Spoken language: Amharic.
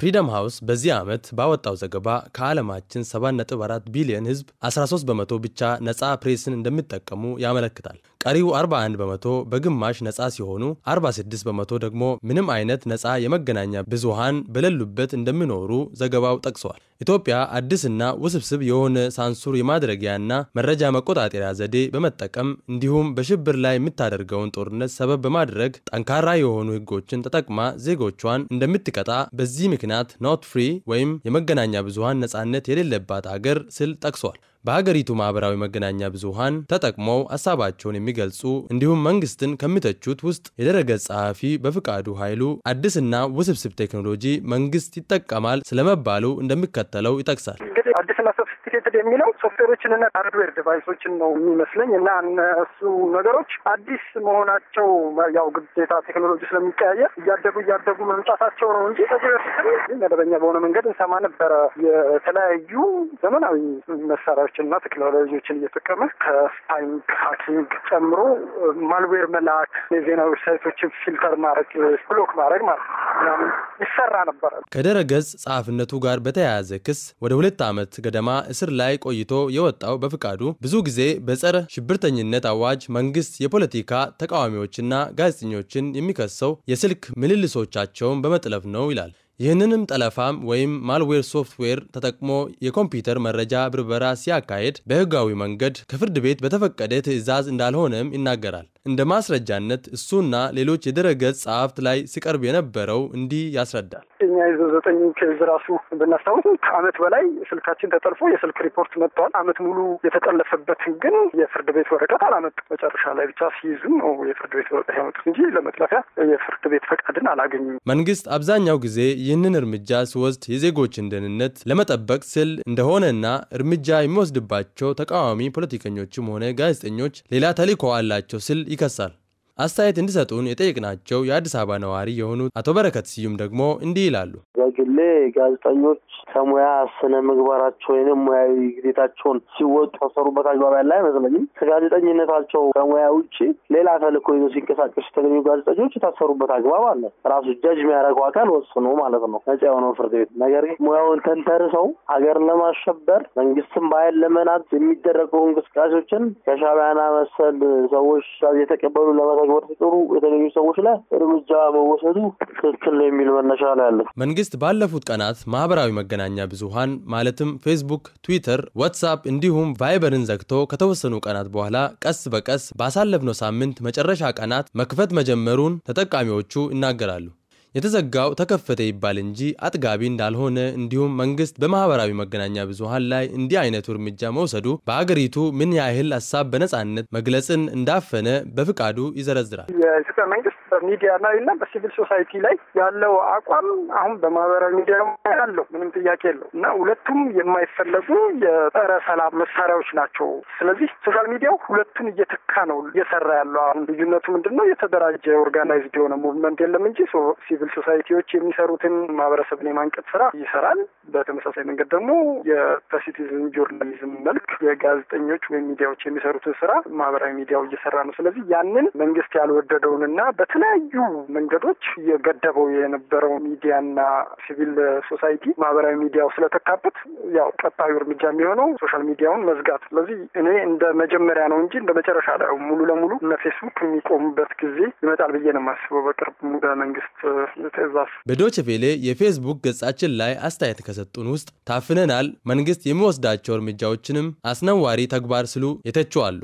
ፍሪደም ሃውስ በዚህ ዓመት ባወጣው ዘገባ ከዓለማችን 7.4 ቢሊዮን ህዝብ 13 በመቶ ብቻ ነፃ ፕሬስን እንደሚጠቀሙ ያመለክታል። ቀሪው 41 በመቶ በግማሽ ነፃ ሲሆኑ 46 በመቶ ደግሞ ምንም አይነት ነፃ የመገናኛ ብዙሃን በሌሉበት እንደሚኖሩ ዘገባው ጠቅሷል። ኢትዮጵያ አዲስና ውስብስብ የሆነ ሳንሱር የማድረጊያና መረጃ መቆጣጠሪያ ዘዴ በመጠቀም እንዲሁም በሽብር ላይ የምታደርገውን ጦርነት ሰበብ በማድረግ ጠንካራ የሆኑ ሕጎችን ተጠቅማ ዜጎቿን እንደምትቀጣ በዚህ ምክንያት ኖት ፍሪ ወይም የመገናኛ ብዙሃን ነፃነት የሌለባት አገር ስል ጠቅሷል። በሀገሪቱ ማህበራዊ መገናኛ ብዙሃን ተጠቅመው ሀሳባቸውን የሚገልጹ እንዲሁም መንግስትን ከሚተቹት ውስጥ የደረገ ጸሐፊ በፍቃዱ ኃይሉ አዲስና ውስብስብ ቴክኖሎጂ መንግስት ይጠቀማል ስለመባሉ እንደሚከተለው ይጠቅሳል። እንግዲህ አዲስና ሶፊስቲኬትድ የሚለው ሶፍትዌሮችን እና ሃርድዌር ዲቫይሶችን ነው የሚመስለኝ እና እነሱ ነገሮች አዲስ መሆናቸው ያው ግዴታ ቴክኖሎጂ ስለሚቀያየር እያደጉ እያደጉ መምጣታቸው ነው እንጂ መደበኛ በሆነ መንገድ እንሰማ ነበረ። የተለያዩ ዘመናዊ መሳሪያዎችንና ቴክኖሎጂዎችን እየጠቀመ ከስፓይንግ ሀኪንግ ጨምሮ ማልዌር መላክ፣ የዜና ዌብሳይቶችን ፊልተር ማድረግ፣ ብሎክ ማድረግ ማለት ነው። ይሰራ ነበረ። ከድረ ገጽ ጸሐፊነቱ ጋር በተያያዘ ክስ ወደ ሁለት ዓመት ገደማ እስር ላይ ቆይቶ የወጣው በፍቃዱ ብዙ ጊዜ በጸረ ሽብርተኝነት አዋጅ መንግስት የፖለቲካ ተቃዋሚዎችና ጋዜጠኞችን የሚከሰው የስልክ ምልልሶቻቸውን በመጥለፍ ነው ይላል። ይህንንም ጠለፋም ወይም ማልዌር ሶፍትዌር ተጠቅሞ የኮምፒውተር መረጃ ብርበራ ሲያካሄድ በህጋዊ መንገድ ከፍርድ ቤት በተፈቀደ ትዕዛዝ እንዳልሆነም ይናገራል። እንደ ማስረጃነት እሱና ሌሎች የድረገጽ ጸሐፍት ላይ ሲቀርብ የነበረው እንዲህ ያስረዳል። እኛ ይዞ ዘጠኝ ኬዝ ራሱ ብናስታውስ ከአመት በላይ ስልካችን ተጠልፎ የስልክ ሪፖርት መጥተዋል። አመት ሙሉ የተጠለፈበትን ግን የፍርድ ቤት ወረቀት አላመጡ። መጨረሻ ላይ ብቻ ሲይዙ ነው የፍርድ ቤት ወረቀት ያመጡት እንጂ ለመጥለፊያ የፍርድ ቤት ፈቃድን አላገኙም። መንግስት አብዛኛው ጊዜ ይህንን እርምጃ ሲወስድ የዜጎችን ደህንነት ለመጠበቅ ስል እንደሆነና እርምጃ የሚወስድባቸው ተቃዋሚ ፖለቲከኞችም ሆነ ጋዜጠኞች ሌላ ተሊኮ አላቸው ስል ይከሳል። አስተያየት እንዲሰጡን የጠየቅናቸው የአዲስ አበባ ነዋሪ የሆኑት አቶ በረከት ስዩም ደግሞ እንዲህ ይላሉ። በግሌ ጋዜጠኞች ከሙያ ስነ ምግባራቸው ወይም ሙያዊ ግዴታቸውን ሲወጡ ተሰሩበት አግባብ ያለ አይመስለኝም። ከጋዜጠኝነታቸው ከሙያ ውጭ ሌላ ተልእኮ ይዞ ሲንቀሳቀሱ የተገኙ ጋዜጠኞች የታሰሩበት አግባብ አለ። ራሱ ጃጅ የሚያደርገው አካል ወስኖ ማለት ነው፣ ነጻ የሆነው ፍርድ ቤት። ነገር ግን ሙያውን ተንተርሰው ሀገርን ለማሸበር መንግስትን በኃይል ለመናት የሚደረገው እንቅስቃሴዎችን ከሻቢያና መሰል ሰዎች የተቀበሉ ለመተግበር ሲጥሩ የተገኙ ሰዎች ላይ እርምጃ መወሰዱ ትክክል ነው የሚል መነሻ ነው ያለ መንግስት ባለፉት ቀናት ማህበራዊ መገናኛ ብዙሃን ማለትም ፌስቡክ፣ ትዊተር፣ ዋትሳፕ እንዲሁም ቫይበርን ዘግቶ ከተወሰኑ ቀናት በኋላ ቀስ በቀስ ባሳለፍነው ሳምንት መጨረሻ ቀናት መክፈት መጀመሩን ተጠቃሚዎቹ ይናገራሉ። የተዘጋው ተከፈተ ይባል እንጂ አጥጋቢ እንዳልሆነ እንዲሁም መንግስት በማህበራዊ መገናኛ ብዙሃን ላይ እንዲህ አይነቱ እርምጃ መውሰዱ በአገሪቱ ምን ያህል ሀሳብ በነጻነት መግለጽን እንዳፈነ በፍቃዱ ይዘረዝራል። የኢትዮጵያ መንግስት በሚዲያ ላይ እና በሲቪል ሶሳይቲ ላይ ያለው አቋም አሁን በማህበራዊ ሚዲያ ያለው ምንም ጥያቄ የለው እና ሁለቱም የማይፈለጉ የጸረ ሰላም መሳሪያዎች ናቸው። ስለዚህ ሶሻል ሚዲያው ሁለቱን እየተካ ነው እየሰራ ያለው። አሁን ልዩነቱ ምንድን ነው? የተደራጀ ኦርጋናይዝድ የሆነ ሙቭመንት የለም እንጂ ሲቪል ሶሳይቲዎች የሚሰሩትን ማህበረሰብን የማንቀጥ ስራ ይሰራል። በተመሳሳይ መንገድ ደግሞ በሲቲዝን ጆርናሊዝም መልክ የጋዜጠኞች ወይም ሚዲያዎች የሚሰሩትን ስራ ማህበራዊ ሚዲያው እየሰራ ነው። ስለዚህ ያንን መንግስት ያልወደደውንና በት በተለያዩ መንገዶች የገደበው የነበረው ሚዲያና ሲቪል ሶሳይቲ ማህበራዊ ሚዲያው ስለተካበት ያው ቀጣዩ እርምጃ የሚሆነው ሶሻል ሚዲያውን መዝጋት። ስለዚህ እኔ እንደ መጀመሪያ ነው እንጂ እንደ መጨረሻ ላይ ሙሉ ለሙሉ እነ ፌስቡክ የሚቆሙበት ጊዜ ይመጣል ብዬ ነው የማስበው በቅርብ በመንግስት ትእዛዝ። በዶች ቬሌ የፌስቡክ ገጻችን ላይ አስተያየት ከሰጡን ውስጥ ታፍነናል፣ መንግስት የሚወስዳቸው እርምጃዎችንም አስነዋሪ ተግባር ስሉ የተችዋሉ።